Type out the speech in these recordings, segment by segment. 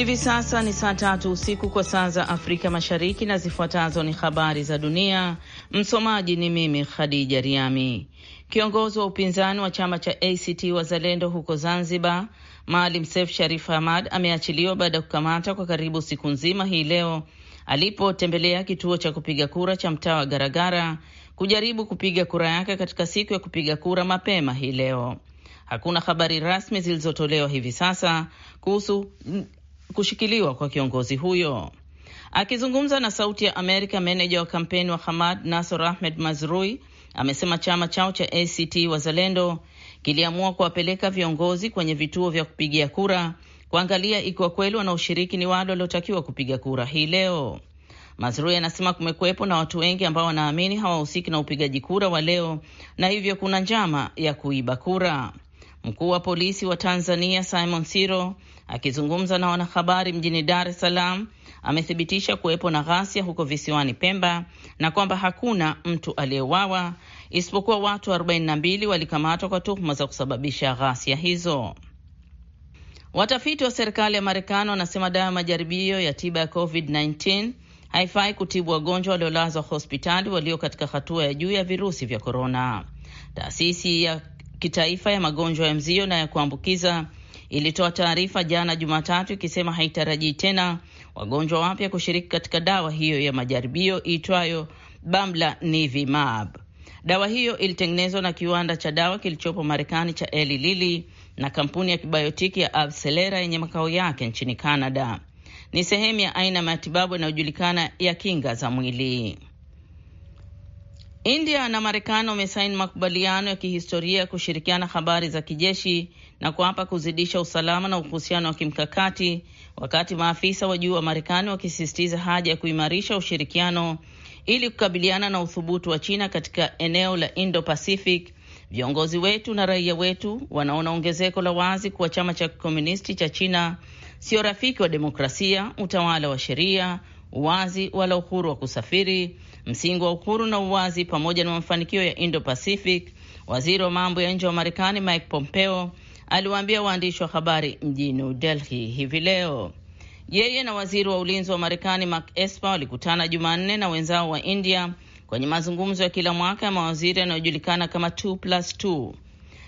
Hivi sasa ni saa tatu usiku kwa saa za Afrika Mashariki, na zifuatazo ni habari za dunia. Msomaji ni mimi Khadija Riami. Kiongozi wa upinzani wa chama cha ACT Wazalendo huko Zanzibar, Maalim Seif Sharif Hamad ameachiliwa baada ya kukamata kwa karibu siku nzima hii leo alipotembelea kituo cha kupiga kura cha mtaa wa Garagara kujaribu kupiga kura yake katika siku ya kupiga kura mapema hii leo. Hakuna habari rasmi zilizotolewa hivi sasa kuhusu kushikiliwa kwa kiongozi huyo. Akizungumza na Sauti ya Amerika, meneja wa kampeni wa Hamad Nasor Ahmed Mazrui amesema chama chao cha ACT Wazalendo kiliamua kuwapeleka viongozi kwenye vituo vya kupigia kura kuangalia ikiwa kweli wanaoshiriki ni wale waliotakiwa kupiga kura hii leo. Mazrui anasema kumekuwepo na watu wengi ambao wanaamini hawahusiki na upigaji kura wa leo na hivyo kuna njama ya kuiba kura. Mkuu wa polisi wa Tanzania Simon Siro Akizungumza na wanahabari mjini Dar es Salaam, amethibitisha kuwepo na ghasia huko visiwani Pemba na kwamba hakuna mtu aliyeuawa isipokuwa watu 42 walikamatwa kwa tuhuma za kusababisha ghasia hizo. Watafiti wa serikali ya Marekani wanasema dawa ya majaribio ya tiba ya COVID-19 haifai kutibu wagonjwa waliolazwa hospitali walio katika hatua ya juu ya virusi vya korona. Taasisi ya kitaifa ya magonjwa ya mzio na ya kuambukiza ilitoa taarifa jana Jumatatu ikisema haitarajii tena wagonjwa wapya kushiriki katika dawa hiyo ya majaribio iitwayo Nivimab. Dawa hiyo ilitengenezwa na kiwanda cha dawa kilichopo Marekani cha Eli Lilly na kampuni ya kibayotiki ya Arcelera yenye makao yake nchini Canada. Ni sehemu ya aina ya matibabu yanayojulikana ya kinga za mwili. India na Marekani wamesaini makubaliano ya kihistoria kushirikiana habari za kijeshi na kuapa kuzidisha usalama na uhusiano wa kimkakati, wakati maafisa wa juu wa Marekani wakisisitiza haja ya kuimarisha ushirikiano ili kukabiliana na uthubutu wa China katika eneo la Indo-Pacific. Viongozi wetu na raia wetu wanaona ongezeko la wazi kuwa chama cha kikomunisti cha China sio rafiki wa demokrasia, utawala wa sheria, uwazi wala uhuru wa kusafiri, msingi wa uhuru na uwazi pamoja na mafanikio ya Indo-Pacific. Waziri wa mambo ya nje wa Marekani Mike Pompeo aliwaambia waandishi wa habari mjini Delhi hivi leo. Yeye na waziri wa ulinzi wa Marekani Mark Esper walikutana Jumanne na wenzao wa India kwenye mazungumzo ya kila mwaka ya mawaziri yanayojulikana kama 2.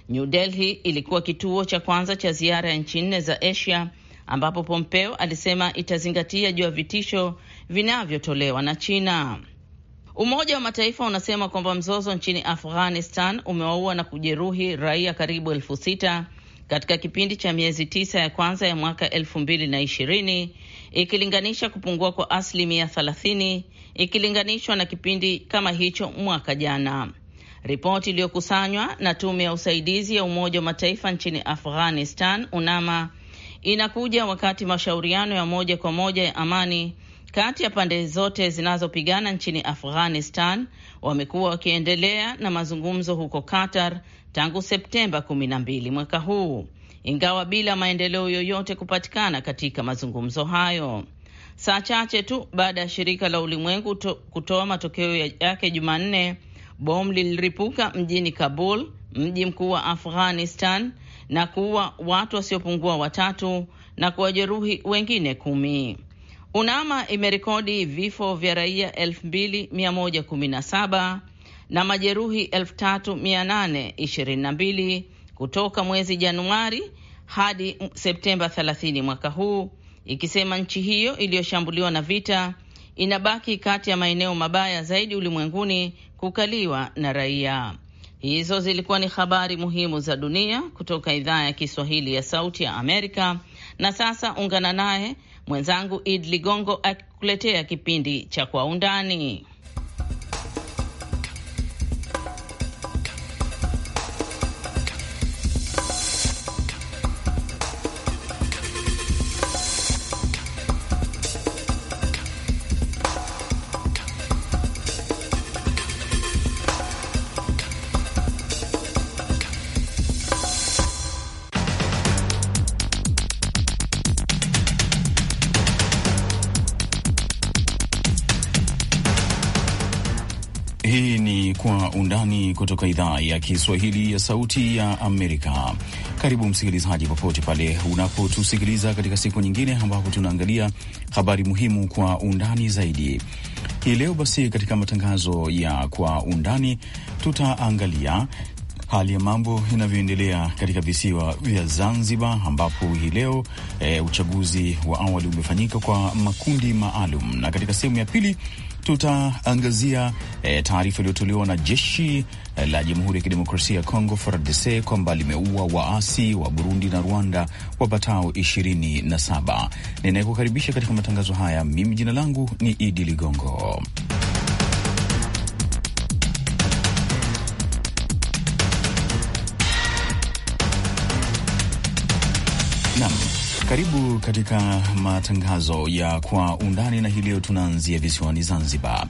New Delhi ilikuwa kituo cha kwanza cha ziara ya nchi nne za Asia ambapo Pompeo alisema itazingatia juu ya vitisho vinavyotolewa na China. Umoja wa Mataifa unasema kwamba mzozo nchini Afghanistan umewaua na kujeruhi raia karibu elfu sita katika kipindi cha miezi tisa ya kwanza ya mwaka elfu mbili na ishirini ikilinganisha kupungua kwa asilimia thelathini ikilinganishwa na kipindi kama hicho mwaka jana. Ripoti iliyokusanywa na tume ya usaidizi ya Umoja wa Mataifa nchini Afghanistan, UNAMA, inakuja wakati mashauriano ya moja kwa moja ya amani kati ya pande zote zinazopigana nchini Afghanistan wamekuwa wakiendelea na mazungumzo huko Qatar tangu Septemba 12 mwaka huu, ingawa bila maendeleo yoyote kupatikana katika mazungumzo hayo. Saa chache tu baada ya shirika la ulimwengu kutoa matokeo yake Jumanne, bomu liliripuka mjini Kabul, mji mkuu wa Afghanistan, na kuua watu wasiopungua watatu na kuwajeruhi wengine kumi. UNAMA imerekodi vifo vya raia 2117 na majeruhi 3822 kutoka mwezi Januari hadi Septemba 30 mwaka huu, ikisema nchi hiyo iliyoshambuliwa na vita inabaki kati ya maeneo mabaya zaidi ulimwenguni kukaliwa na raia. Hizo zilikuwa ni habari muhimu za dunia kutoka idhaa ya Kiswahili ya Sauti ya Amerika. Na sasa ungana naye mwenzangu Id Ligongo akikuletea kipindi cha Kwa Undani. kutoka idhaa ya Kiswahili ya Sauti ya Amerika. Karibu msikilizaji, popote pale unapotusikiliza katika siku nyingine ambapo tunaangalia habari muhimu kwa undani zaidi. Hii leo basi, katika matangazo ya kwa undani, tutaangalia hali ya mambo inavyoendelea katika visiwa vya Zanzibar ambapo hii leo e, uchaguzi wa awali umefanyika kwa makundi maalum, na katika sehemu ya pili tutaangazia e, taarifa iliyotolewa na jeshi eh, la Jamhuri ya Kidemokrasia ya Kongo FARDC kwamba limeua waasi wa Burundi na Rwanda wapatao 27. Ninayekukaribisha katika matangazo haya mimi jina langu ni Idi Ligongo. Naam. Karibu katika matangazo ya kwa undani, na hii leo tunaanzia visiwani Zanzibar.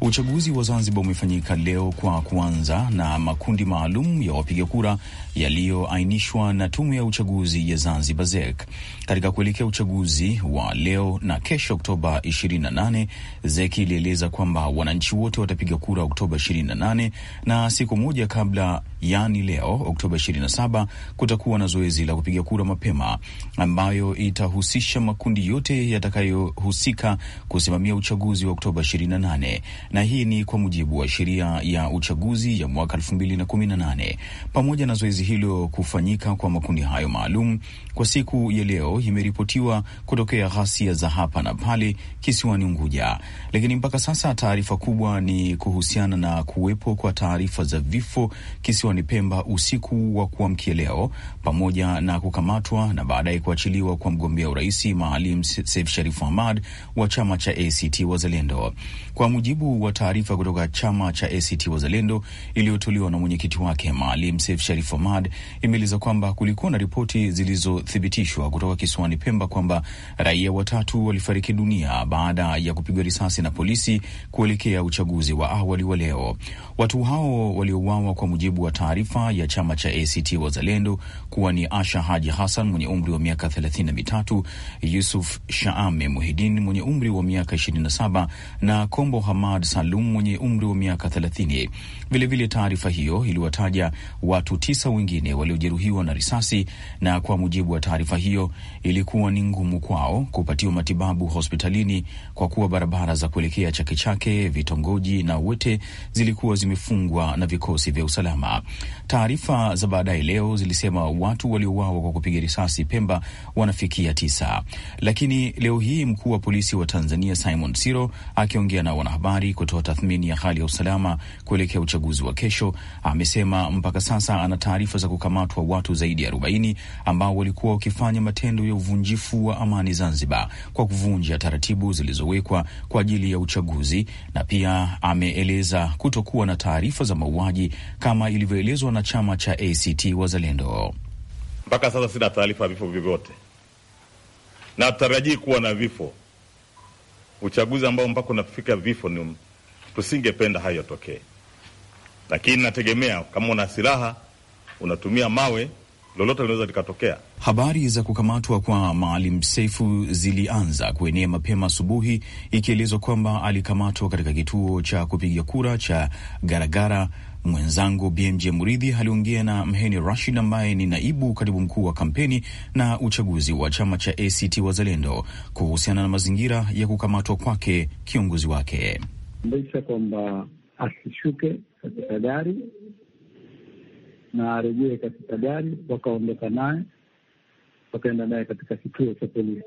Uchaguzi wa Zanzibar umefanyika leo kwa kuanza na makundi maalum ya wapiga kura yaliyoainishwa na tume ya uchaguzi ya Zanzibar ZEK. Katika kuelekea uchaguzi wa leo na kesho Oktoba 28, ZEK ilieleza kwamba wananchi wote watapiga kura Oktoba 28, na siku moja kabla, yani leo Oktoba 27, kutakuwa na zoezi la kupiga kura mapema ambayo ambayo itahusisha makundi yote yatakayohusika kusimamia uchaguzi wa Oktoba 28 na hii ni kwa mujibu wa sheria ya uchaguzi ya mwaka 2018. Pamoja na zoezi hilo kufanyika kwa makundi hayo maalum, kwa siku ya leo imeripotiwa kutokea ghasia za hapa na pale kisiwani Unguja, lakini mpaka sasa taarifa kubwa ni kuhusiana na kuwepo kwa taarifa za vifo kisiwani Pemba usiku wa kuamkia leo pamoja na kukamatwa na baadaye kuachiliwa kuteuliwa kwa mgombea urais Maalim Seif Sharif Hamad wa chama cha ACT Wazalendo. Kwa mujibu wa taarifa kutoka chama cha ACT Wazalendo iliyotolewa na mwenyekiti wake Maalim Seif Sharif Hamad, imeeleza kwamba kulikuwa na ripoti zilizothibitishwa kutoka kisiwani Pemba kwamba raia watatu walifariki dunia baada ya kupigwa risasi na polisi kuelekea uchaguzi wa awali wa leo. Watu hao waliouawa, kwa mujibu wa taarifa ya chama cha ACT Wazalendo, kuwa ni Asha Haji Hassan mwenye umri wa miaka mitatu, Yusuf Shaame Muhidin mwenye umri wa miaka 27 na Kombo Hamad Salum mwenye umri wa miaka 30. Vilevile, taarifa hiyo iliwataja watu tisa wengine waliojeruhiwa na risasi, na kwa mujibu wa taarifa hiyo ilikuwa ni ngumu kwao kupatiwa matibabu hospitalini kwa kuwa barabara za kuelekea Chake Chake, vitongoji na Wete zilikuwa zimefungwa na vikosi vya usalama. Taarifa za baadaye leo zilisema watu waliouawa kwa kupiga risasi Pemba wanafikia tisa. Lakini leo hii mkuu wa polisi wa Tanzania Simon Siro akiongea na wanahabari kutoa tathmini ya hali ya usalama kuelekea uchaguzi wa kesho amesema mpaka sasa ana taarifa za kukamatwa watu zaidi ya 40 ambao walikuwa wakifanya matendo ya uvunjifu wa amani Zanzibar kwa kuvunja taratibu zilizowekwa kwa ajili ya uchaguzi, na pia ameeleza kutokuwa na taarifa za mauaji kama ilivyoelezwa na chama cha ACT Wazalendo. Mpaka sasa sina taarifa ya vifo vyovyote na atarajii kuwa na vifo, uchaguzi ambao mpaka unafika vifo ni tusingependa hayo yatokee, lakini nategemea kama una silaha unatumia mawe lolote linaweza likatokea. Habari za kukamatwa kwa Maalim Seifu zilianza kuenea mapema asubuhi, ikielezwa kwamba alikamatwa katika kituo cha kupiga kura cha Garagara Mwenzangu BMJ Muridhi aliongea na Mheni Rashid ambaye ni naibu katibu mkuu wa kampeni na uchaguzi wa chama cha ACT Wazalendo kuhusiana na mazingira ya kukamatwa kwake kiongozi wake. Mbisha kwamba asishuke katika gari na arejee katika gari, wakaondoka naye wakaenda naye katika kituo cha polisi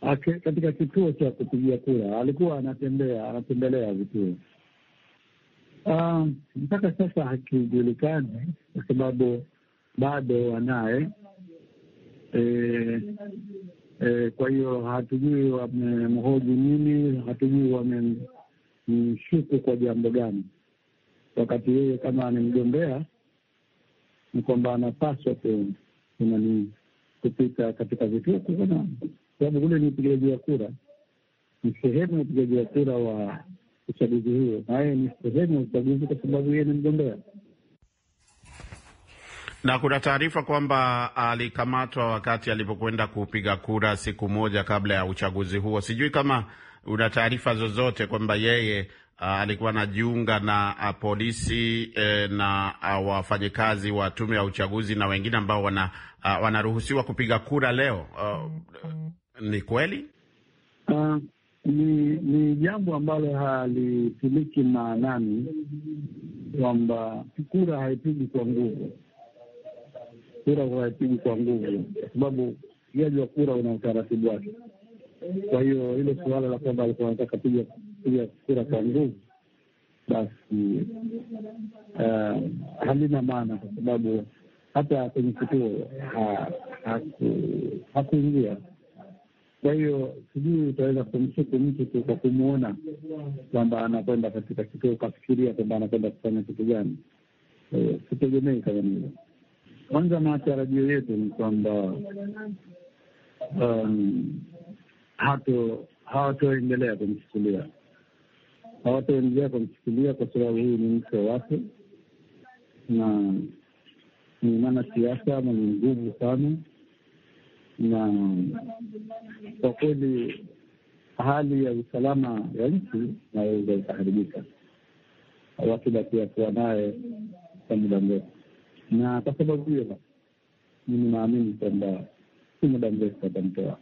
Ake, katika kituo cha kupigia kura alikuwa anatembea anatembelea vituo Ah, mpaka um, sasa hakijulikani kwa sababu bado wanaye e, e, kwa hiyo hatujui wamemhoji nini, hatujui wamemshuku kwa jambo gani, wakati yeye kama amemgombea ni kwamba anapaswa kunani kupita katika vituo kwa sababu kule ni upigaji wa kura, ni sehemu ya upigaji wa kura wa uchaguzi huo. yeye ni sehemu ya uchaguzi kwa sababu yeye ni mgombea. Na kuna taarifa kwamba alikamatwa wakati alipokwenda kupiga kura siku moja kabla ya uchaguzi huo. Sijui kama una taarifa zozote kwamba yeye alikuwa anajiunga na polisi e, na wafanyikazi wa tume ya uchaguzi na wengine ambao wana, wanaruhusiwa kupiga kura leo. ni kweli? Uh, ni ni jambo ambalo halitiliki maanani kwamba kura haipigi kwa nguvu, kura haipigi kwa nguvu, kwa sababu upigaji wa kura una utaratibu wake. Kwa hiyo hilo suala la kwamba alikuwa anataka piga piga kura kwa nguvu, basi uh, halina maana, kwa sababu hata kwenye kituo hakuingia kwa hiyo sijui utaweza kumshuku mtu tu kwa kumwona kwamba anakwenda katika kituo, ukafikiria kwamba anakwenda kufanya kitu gani. Sitegemei kama hilo. Kwanza matarajio yetu ni kwamba um, hato hawatoendelea kumchukulia, hawatoendelea kumchukulia kwa sababu huyu ni mke wake, na ni mana siasa ni nguvu sana na kwa kweli hali ya usalama ya nchi inaweza ikaharibika, watu wakiakuwa naye kwa muda mrefu. Na kwa sababu hiyo, mimi naamini kwamba si muda mrefu watamtoa.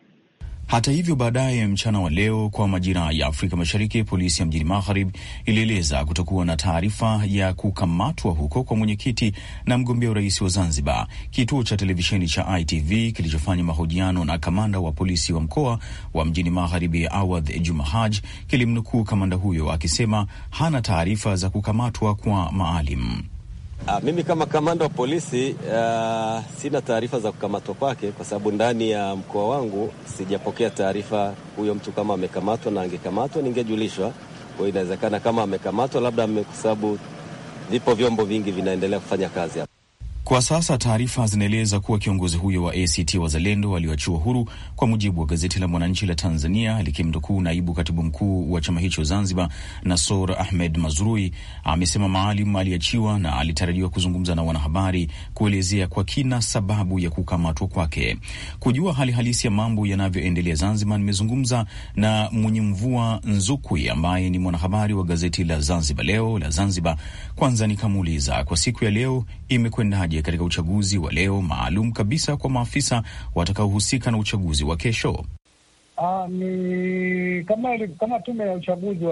Hata hivyo, baadaye mchana wa leo kwa majira ya Afrika Mashariki, polisi ya mjini Magharib ilieleza kutokuwa na taarifa ya kukamatwa huko kwa mwenyekiti na mgombea urais wa Zanzibar. Kituo cha televisheni cha ITV kilichofanya mahojiano na kamanda wa polisi wa mkoa wa mjini Magharibi, Awadh Juma Haj, kilimnukuu kamanda huyo akisema hana taarifa za kukamatwa kwa Maalim. Ah, mimi kama kamanda wa polisi ah, sina taarifa za kukamatwa kwake kwa sababu ndani ya mkoa wangu sijapokea taarifa huyo mtu kama amekamatwa, na angekamatwa ningejulishwa. Kwa hiyo inawezekana kama amekamatwa labda, kwa sababu vipo vyombo vingi vinaendelea kufanya kazi hapa. Kwa sasa taarifa zinaeleza kuwa kiongozi huyo wa ACT Wazalendo aliyoachiwa huru kwa mujibu wa gazeti la Mwananchi la Tanzania likimnukuu naibu katibu mkuu wa chama hicho Zanzibar, Nasor Ahmed Mazrui amesema Maalim aliachiwa na alitarajiwa kuzungumza na wanahabari kuelezea kwa kina sababu ya kukamatwa kwake. Kujua hali halisi ya mambo yanavyoendelea Zanzibar, nimezungumza na Mwenyemvua Nzukwi ambaye ni mwanahabari wa gazeti la Zanzibar Leo la Zanzibar. Kwanza nikamuuliza kwa siku ya leo imekwendaje moja katika uchaguzi wa leo maalum kabisa kwa maafisa watakaohusika na uchaguzi wa kesho? Ah, ni kama, kama tume ya uchaguzi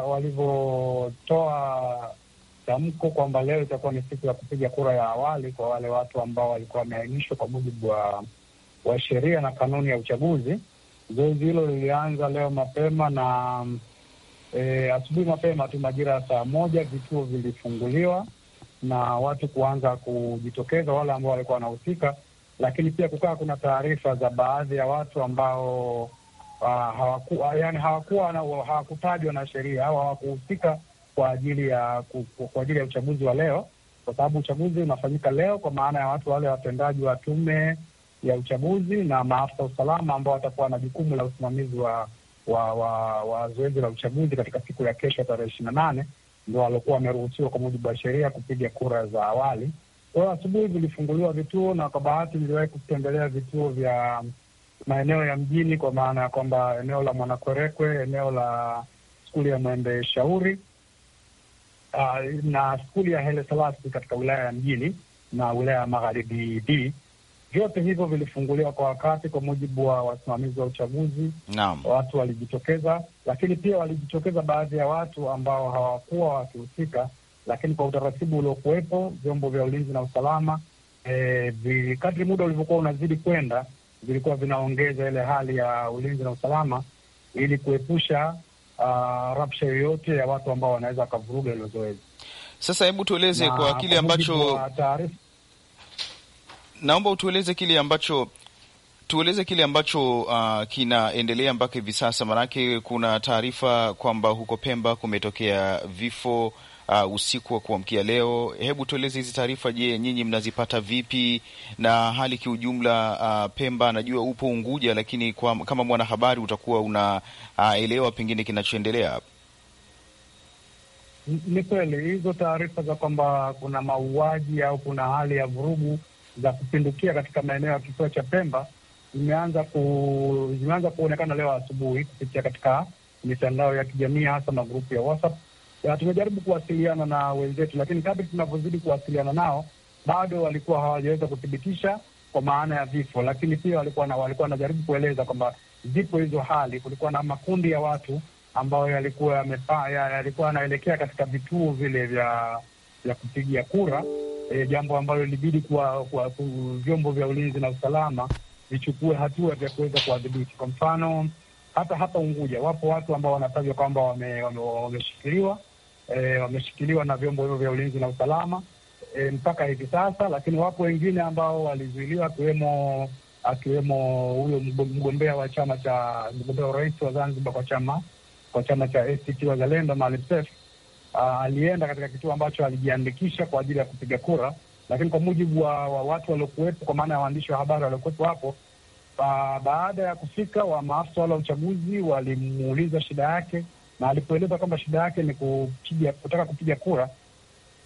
walivyotoa tamko kwamba leo itakuwa ni siku ya kupiga kura ya awali kwa wale watu ambao walikuwa wameainishwa kwa mujibu wa, wa sheria na kanuni ya uchaguzi. Zoezi hilo lilianza leo mapema na e, asubuhi mapema tu majira ya saa moja vituo vilifunguliwa na watu kuanza kujitokeza, wale ambao walikuwa wanahusika, lakini pia kukawa kuna taarifa za baadhi ya watu ambao uh, ah, hawakuwa ah, yani hawakuwa hawakutajwa na sheria au hawakuhusika kwa ajili ya kwa ajili ya uchaguzi wa leo, kwa sababu uchaguzi unafanyika leo, kwa maana ya watu wale watendaji wa tume ya uchaguzi na maafisa usalama ambao watakuwa na jukumu la usimamizi wa wa, wa, wa zoezi la uchaguzi katika siku ya kesho tarehe ishirini na nane ndo waliokuwa wameruhusiwa kwa mujibu wa sheria kupiga kura za awali. Kwa hiyo asubuhi vilifunguliwa vituo, na kwa bahati niliwahi kutembelea vituo vya maeneo ya mjini, kwa maana ya kwamba eneo la Mwanakwerekwe, eneo la skuli ya Mwembe Shauri uh, na skuli ya Hele Selassie katika wilaya ya mjini na wilaya ya Magharibi D vyote hivyo vilifunguliwa kwa wakati, kwa mujibu wa wasimamizi wa uchaguzi. Naam, watu walijitokeza, lakini pia walijitokeza baadhi ya watu ambao hawakuwa wakihusika, lakini kwa utaratibu uliokuwepo, vyombo vya ulinzi na usalama e, kadri muda ulivyokuwa unazidi kwenda, vilikuwa vinaongeza ile hali ya ulinzi na usalama ili kuepusha uh, ah, rabsha yoyote ya watu ambao wanaweza wakavuruga hilo zoezi. Sasa hebu tueleze kwa kile ambacho taarifa naomba utueleze kile ambacho tueleze kile ambacho uh, kinaendelea mpaka hivi sasa, maanake kuna taarifa kwamba huko Pemba kumetokea vifo uh, usiku wa kuamkia leo. Hebu tueleze hizi taarifa, je, nyinyi mnazipata vipi na hali kiujumla uh, Pemba? Najua upo Unguja, lakini kwa, kama mwanahabari utakuwa unaelewa uh, pengine kinachoendelea. Ni kweli hizo taarifa za kwamba kuna mauaji au kuna hali ya vurugu za kupindukia katika maeneo ya kisiwa cha Pemba zimeanza ku, zimeanza kuonekana leo asubuhi kupitia katika mitandao ya kijamii hasa magrupu ya WhatsApp. Tumejaribu kuwasiliana na wenzetu, lakini kadri tunavyozidi kuwasiliana nao bado walikuwa hawajaweza kuthibitisha kwa maana ya vifo, lakini pia walikuwa na walikuwa wanajaribu kueleza kwamba zipo hizo hali. Kulikuwa na makundi ya watu ambayo yalikuwa yalikuwa yanaelekea katika vituo vile vya vya kupigia kura e, jambo ambalo ilibidi kwa, kwa vyombo vya ulinzi na usalama vichukue hatua vya kuweza kuwadhibiti. Kwa mfano hata hapa Unguja wapo watu ambao wanatajwa kwamba wameshikiliwa wame, wame e, wameshikiliwa na vyombo hivyo vya ulinzi na usalama e, mpaka hivi sasa, lakini wapo wengine ambao walizuiliwa akiwemo akiwemo huyo mgombea wa chama cha mgombea urais wa Zanzibar kwa chama kwa chama cha ACT Wazalendo Maalim Seif uh, alienda katika kituo ambacho alijiandikisha kwa ajili ya kupiga kura, lakini kwa mujibu wa, wa watu waliokuwepo, kwa maana ya waandishi wa habari waliokuwepo hapo ba, baada ya kufika wa maafisa wale wa uchaguzi walimuuliza shida yake, na alipoeleza kwamba shida yake ni kupiga, kutaka kupiga kura,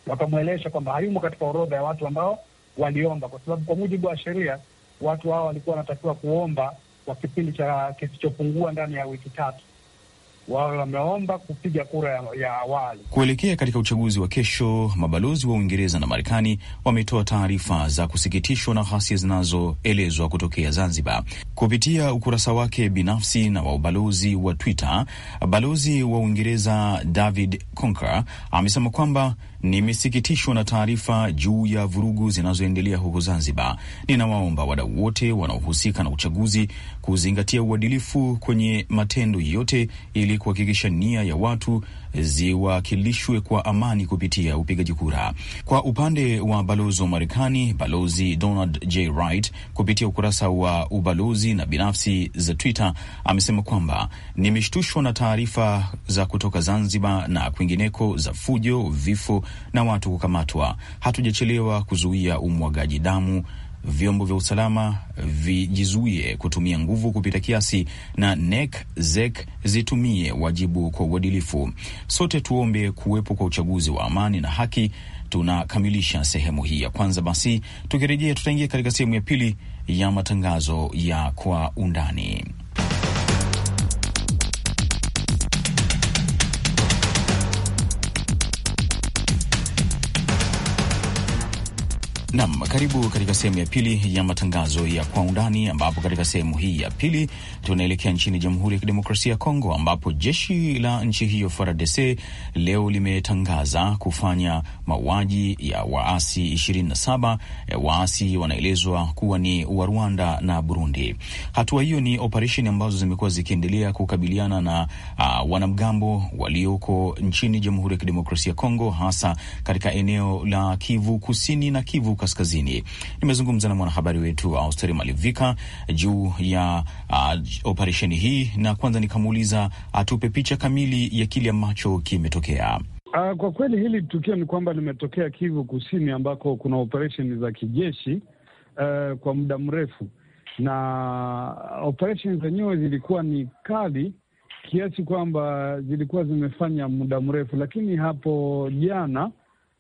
wakamwelesha kwamba hayumo katika orodha ya watu ambao waliomba, kwa sababu kwa mujibu wa sheria watu hao walikuwa wanatakiwa kuomba kwa kipindi cha kisichopungua ndani ya wiki tatu wameomba kupiga kura ya, ya awali kuelekea katika uchaguzi wa kesho. Mabalozi wa Uingereza na Marekani wametoa taarifa za kusikitishwa na ghasia zinazoelezwa kutokea Zanzibar. Kupitia ukurasa wake binafsi na wa ubalozi wa Twitter, balozi wa Uingereza David Conker amesema kwamba nimesikitishwa na taarifa juu ya vurugu zinazoendelea huko Zanzibar. Ninawaomba wadau wote wanaohusika na uchaguzi kuzingatia uadilifu kwenye matendo yote, ili kuhakikisha nia ya watu ziwakilishwe kwa amani kupitia upigaji kura. Kwa upande wa balozi wa Marekani, Balozi Donald J. Wright kupitia ukurasa wa ubalozi na binafsi za Twitter amesema kwamba nimeshtushwa na taarifa za kutoka Zanzibar na kwingineko za fujo, vifo na watu kukamatwa. Hatujachelewa kuzuia umwagaji damu. Vyombo vya usalama vijizuie kutumia nguvu kupita kiasi, na NEC ZEC zitumie wajibu kwa uadilifu. Sote tuombe kuwepo kwa uchaguzi wa amani na haki. Tunakamilisha sehemu hii ya kwanza. Basi tukirejea, tutaingia katika sehemu ya pili ya matangazo ya kwa undani. Nam, karibu katika sehemu ya pili ya matangazo ya kwa undani, ambapo katika sehemu hii ya pili tunaelekea nchini Jamhuri ya Kidemokrasia ya Kongo, ambapo jeshi la nchi hiyo FARDC leo limetangaza kufanya mauaji ya waasi 27. Eh, waasi wanaelezwa kuwa ni wa Rwanda na Burundi. Hatua hiyo ni operesheni ambazo zimekuwa zikiendelea kukabiliana na uh, wanamgambo walioko nchini Jamhuri ya Kidemokrasia ya Kongo, hasa katika eneo la Kivu Kusini na Kivu Kaskazini. Nimezungumza na mwanahabari wetu Austeri Malivika juu ya uh, operesheni hii, na kwanza nikamuuliza atupe picha kamili ya kile ambacho kimetokea. Uh, kwa kweli hili tukio ni kwamba limetokea Kivu Kusini ambako kuna operesheni za kijeshi uh, kwa muda mrefu, na operesheni zenyewe zilikuwa ni kali kiasi kwamba zilikuwa zimefanya muda mrefu, lakini hapo jana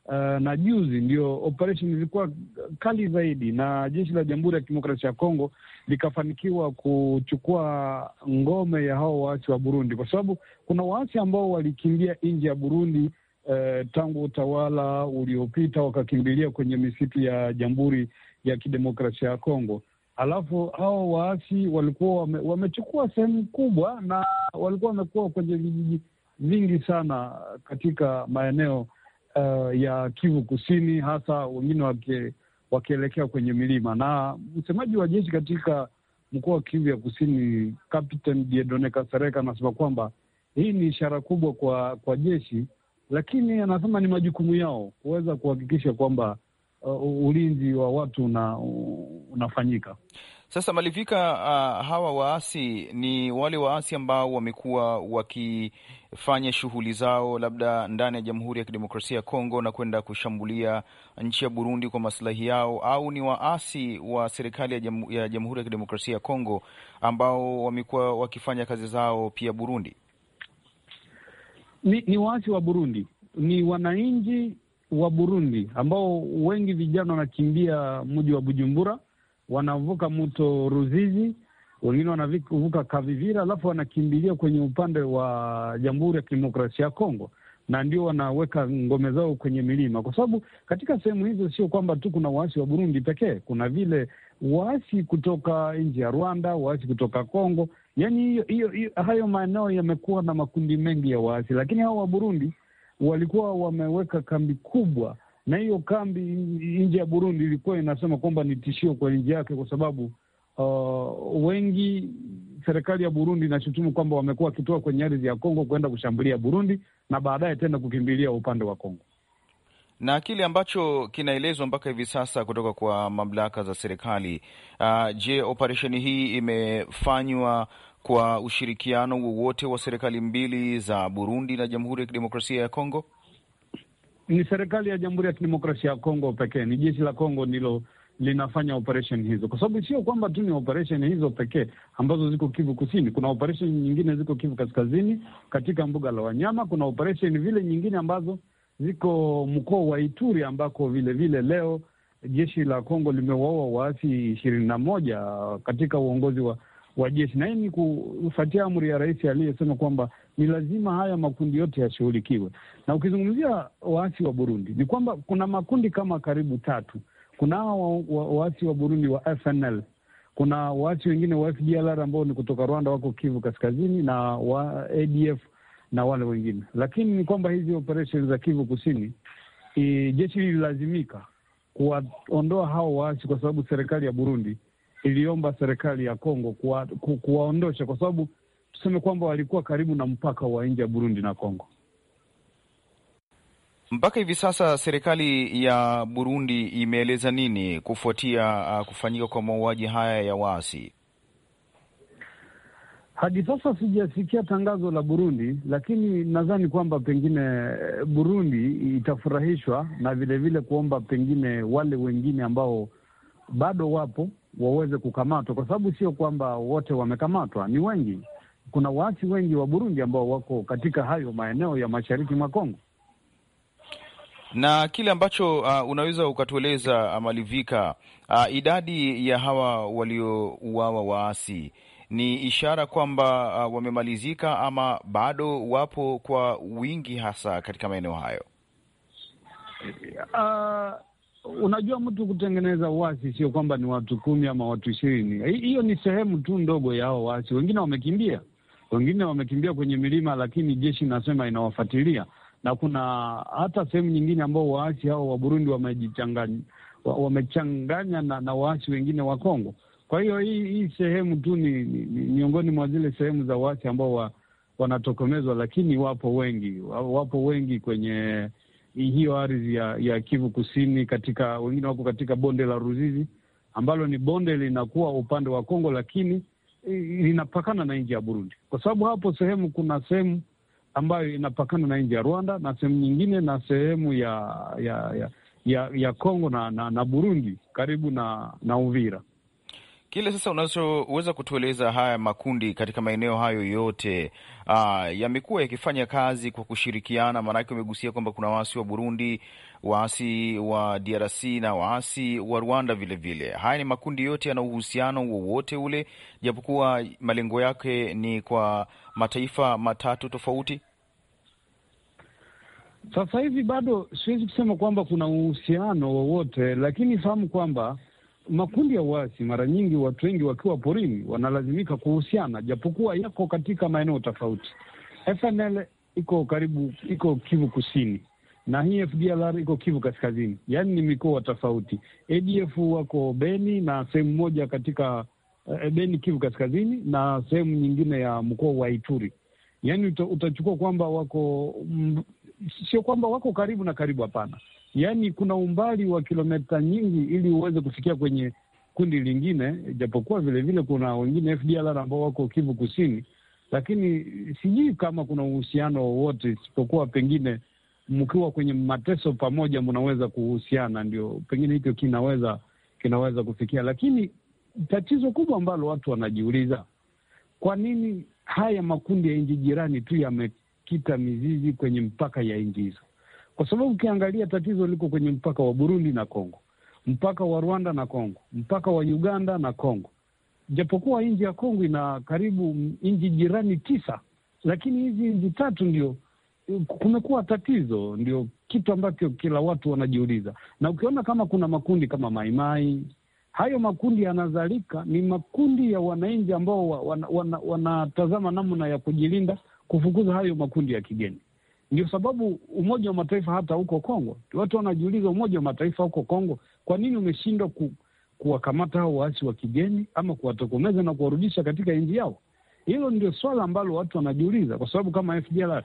uh, na juzi ndio operation zilikuwa kali zaidi, na jeshi la Jamhuri ya Kidemokrasia ya Kongo likafanikiwa kuchukua ngome ya hao waasi wa Burundi, kwa sababu kuna waasi ambao walikimbia nje ya Burundi uh, tangu utawala uliopita wakakimbilia kwenye misitu ya Jamhuri ya Kidemokrasia ya Kongo. Alafu hao waasi walikuwa wame, wamechukua sehemu kubwa na walikuwa wamekuwa kwenye vijiji vingi sana katika maeneo uh, ya Kivu Kusini, hasa wengine wake, wakielekea kwenye milima. Na msemaji wa jeshi katika mkoa wa Kivu ya Kusini, Kapteni Diedone Kasereka, anasema kwamba hii ni ishara kubwa kwa kwa jeshi, lakini anasema ni majukumu yao kuweza kuhakikisha kwamba uh, ulinzi wa watu una, uh, unafanyika. Sasa Malivika, uh, hawa waasi ni wale waasi ambao wamekuwa waki fanya shughuli zao labda ndani ya Jamhuri ya Kidemokrasia ya Kongo na kwenda kushambulia nchi ya Burundi kwa masilahi yao, au ni waasi wa serikali ya, jam, ya Jamhuri ya Kidemokrasia ya Kongo ambao wamekuwa wakifanya kazi zao pia Burundi? Ni, ni waasi wa Burundi, ni wananchi wa Burundi ambao wengi vijana wanakimbia mji wa Bujumbura, wanavuka mto Ruzizi wengine wanavuka Kavivira alafu wanakimbilia kwenye upande wa Jamhuri ya Kidemokrasia ya Kongo na ndio wanaweka ngome zao kwenye milima, kwa sababu katika sehemu hizo sio kwamba tu kuna waasi wa Burundi pekee, kuna vile waasi kutoka nchi ya Rwanda, waasi kutoka Kongo. Yani hiyo hayo maeneo yamekuwa na makundi mengi ya waasi, lakini hao wa Burundi walikuwa wameweka kambi kubwa, na hiyo kambi nje ya Burundi ilikuwa inasema kwamba ni tishio kwa nchi yake, kwa sababu uh, wengi serikali ya Burundi inashutumu kwamba wamekuwa wakitoka kwenye ardhi ya Kongo kwenda kushambulia Burundi na baadaye tena kukimbilia upande wa Kongo na kile ambacho kinaelezwa mpaka hivi sasa kutoka kwa mamlaka za serikali. Uh, je, operesheni hii imefanywa kwa ushirikiano wowote wa serikali mbili za Burundi na Jamhuri ya Kidemokrasia ya Kongo? Ni serikali ya Jamhuri ya Kidemokrasia ya Kongo pekee, ni jeshi la Kongo ndilo linafanya operation hizo, kwa sababu sio kwamba tu ni operation hizo pekee ambazo ziko Kivu Kusini. Kuna operation nyingine ziko Kivu Kaskazini, katika mbuga la wanyama. Kuna operation vile nyingine ambazo ziko mkoa wa Ituri, ambako vile vile leo jeshi la Kongo limewaua waasi ishirini na moja katika uongozi wa wa jeshi, na hii ni kufuatia amri ya rais aliyesema kwamba ni lazima haya makundi yote yashughulikiwe. Na ukizungumzia waasi wa Burundi, ni kwamba kuna makundi kama karibu tatu kunao waasi wa, wa Burundi wa FNL kuna waasi wengine wa FDLR ambao ni kutoka Rwanda, wako Kivu Kaskazini na wa ADF na wale wengine, lakini ni kwamba hizi operesheni za Kivu Kusini i, jeshi lililazimika kuwaondoa hao waasi kwa sababu serikali ya Burundi iliomba serikali ya Kongo ku, kuwaondosha kwa sababu tuseme kwamba walikuwa karibu na mpaka wa nje ya Burundi na Kongo. Mpaka hivi sasa serikali ya Burundi imeeleza nini kufuatia uh, kufanyika kwa mauaji haya ya waasi? Hadi sasa sijasikia tangazo la Burundi, lakini nadhani kwamba pengine eh, Burundi itafurahishwa na vilevile vile kuomba pengine wale wengine ambao bado wapo waweze kukamatwa, kwa sababu sio kwamba wote wamekamatwa, ni wengi. Kuna waasi wengi wa Burundi ambao wako katika hayo maeneo ya mashariki mwa Kongo na kile ambacho uh, unaweza ukatueleza uh, Malivika, uh, idadi ya hawa waliouawa waasi ni ishara kwamba uh, wamemalizika ama bado wapo kwa wingi hasa katika maeneo hayo? Uh, unajua mtu kutengeneza uasi sio kwamba ni watu kumi ama watu ishirini. Hiyo ni sehemu tu ndogo ya hao waasi, wengine wamekimbia, wengine wamekimbia kwenye milima, lakini jeshi inasema inawafuatilia na kuna hata sehemu nyingine ambao waasi hao wa Burundi wamejichanganya wamechanganya na, na waasi wengine wa Kongo. Kwa hiyo hii, hii sehemu tu ni miongoni mwa zile sehemu za waasi ambao wa, wanatokomezwa, lakini wapo wengi, wapo wengi kwenye hiyo ardhi ya, ya Kivu Kusini, katika wengine wako katika bonde la Ruzizi ambalo ni bonde linakuwa upande wa Kongo, lakini eh, linapakana na nchi ya Burundi, kwa sababu hapo sehemu kuna sehemu ambayo inapakana na nchi ya Rwanda na sehemu nyingine na sehemu ya ya ya ya, ya Kongo na, na, na Burundi karibu na, na Uvira. Kile sasa unachoweza kutueleza, haya makundi katika maeneo hayo yote ah, yamekuwa yakifanya kazi kwa kushirikiana? Maanake umegusia kwamba kuna waasi wa Burundi, waasi wa DRC na waasi wa Rwanda vilevile vile. Haya ni makundi yote yana uhusiano wowote ule, japokuwa malengo yake ni kwa mataifa matatu tofauti? Sasa hivi bado siwezi kusema kwamba kuna uhusiano wowote, lakini fahamu kwamba makundi ya waasi mara nyingi, watu wengi wakiwa porini wanalazimika kuhusiana, japokuwa yako katika maeneo tofauti. FNL iko karibu, iko Kivu Kusini na hii FDLR iko Kivu Kaskazini, yaani ni mikoa tofauti. ADF wako Beni na sehemu moja katika uh, Beni Kivu Kaskazini na sehemu nyingine ya mkoa wa Ituri, yaani utachukua kwamba wako sio kwamba wako karibu na karibu, hapana. Yaani kuna umbali wa kilomita nyingi ili uweze kufikia kwenye kundi lingine, japokuwa vilevile kuna wengine FDLR ambao wako Kivu Kusini, lakini sijui kama kuna uhusiano wowote isipokuwa pengine mkiwa kwenye mateso pamoja mnaweza kuhusiana, ndio pengine hicho kinaweza kinaweza kufikia. Lakini tatizo kubwa ambalo watu wanajiuliza, kwa nini haya makundi ya nchi jirani tu yame kita mizizi kwenye mpaka ya nchi hizo, kwa sababu ukiangalia tatizo liko kwenye mpaka wa Burundi na Kongo, mpaka wa Rwanda na Kongo, mpaka wa Uganda na Kongo. Japokuwa nchi ya Kongo ina karibu nchi jirani tisa, lakini hizi nchi tatu ndio kumekuwa tatizo, ndio kitu ambacho kila watu wanajiuliza. Na ukiona kama kuna makundi kama Maimai, hayo makundi yanazalika, ni makundi ya wananchi ambao wanatazama wana, wana namna ya kujilinda kufukuza hayo makundi ya kigeni. Ndio sababu Umoja wa Mataifa hata huko Kongo, watu wanajiuliza, Umoja wa Mataifa huko Kongo, kwa nini umeshindwa ku, kuwakamata hao waasi wa kigeni ama kuwatokomeza na kuwarudisha katika nchi yao? Hilo ndio swala ambalo watu wanajiuliza, kwa sababu kama FDLR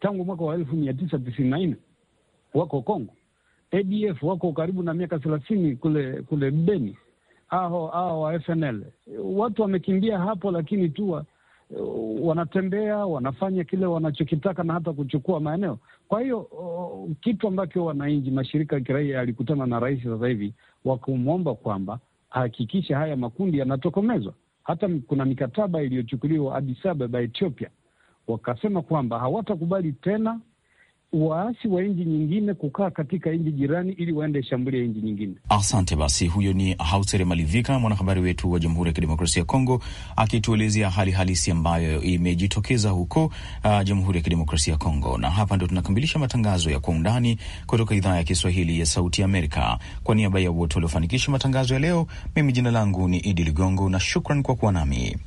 tangu mwaka wa elfu mia tisa tisini na nne wako Kongo, ADF wako karibu na miaka thelathini kule kule Beni, aho aho wa FNL watu wamekimbia hapo, lakini tu wanatembea wanafanya kile wanachokitaka na hata kuchukua maeneo. Kwa hiyo uh, kitu ambacho wananchi, mashirika ya kiraia yalikutana na rais sasa hivi wakumwomba kwamba ahakikishe haya makundi yanatokomezwa. Hata kuna mikataba iliyochukuliwa Addis Ababa, Ethiopia, wakasema kwamba hawatakubali tena waasi wa nchi nyingine kukaa katika nchi jirani ili waende shambulia nchi nyingine. Asante basi, huyo ni Hausere Malivika, mwanahabari wetu wa Jamhuri ya Kidemokrasia ya Kongo, akituelezea hali halisi ambayo imejitokeza huko uh, Jamhuri ya Kidemokrasia ya Kongo. Na hapa ndo tunakamilisha matangazo ya Kwa Undani kutoka idhaa ya Kiswahili ya Sauti Amerika. Kwa niaba ya wote waliofanikisha matangazo ya leo, mimi jina langu ni Idi Ligongo na shukran kwa kuwa nami.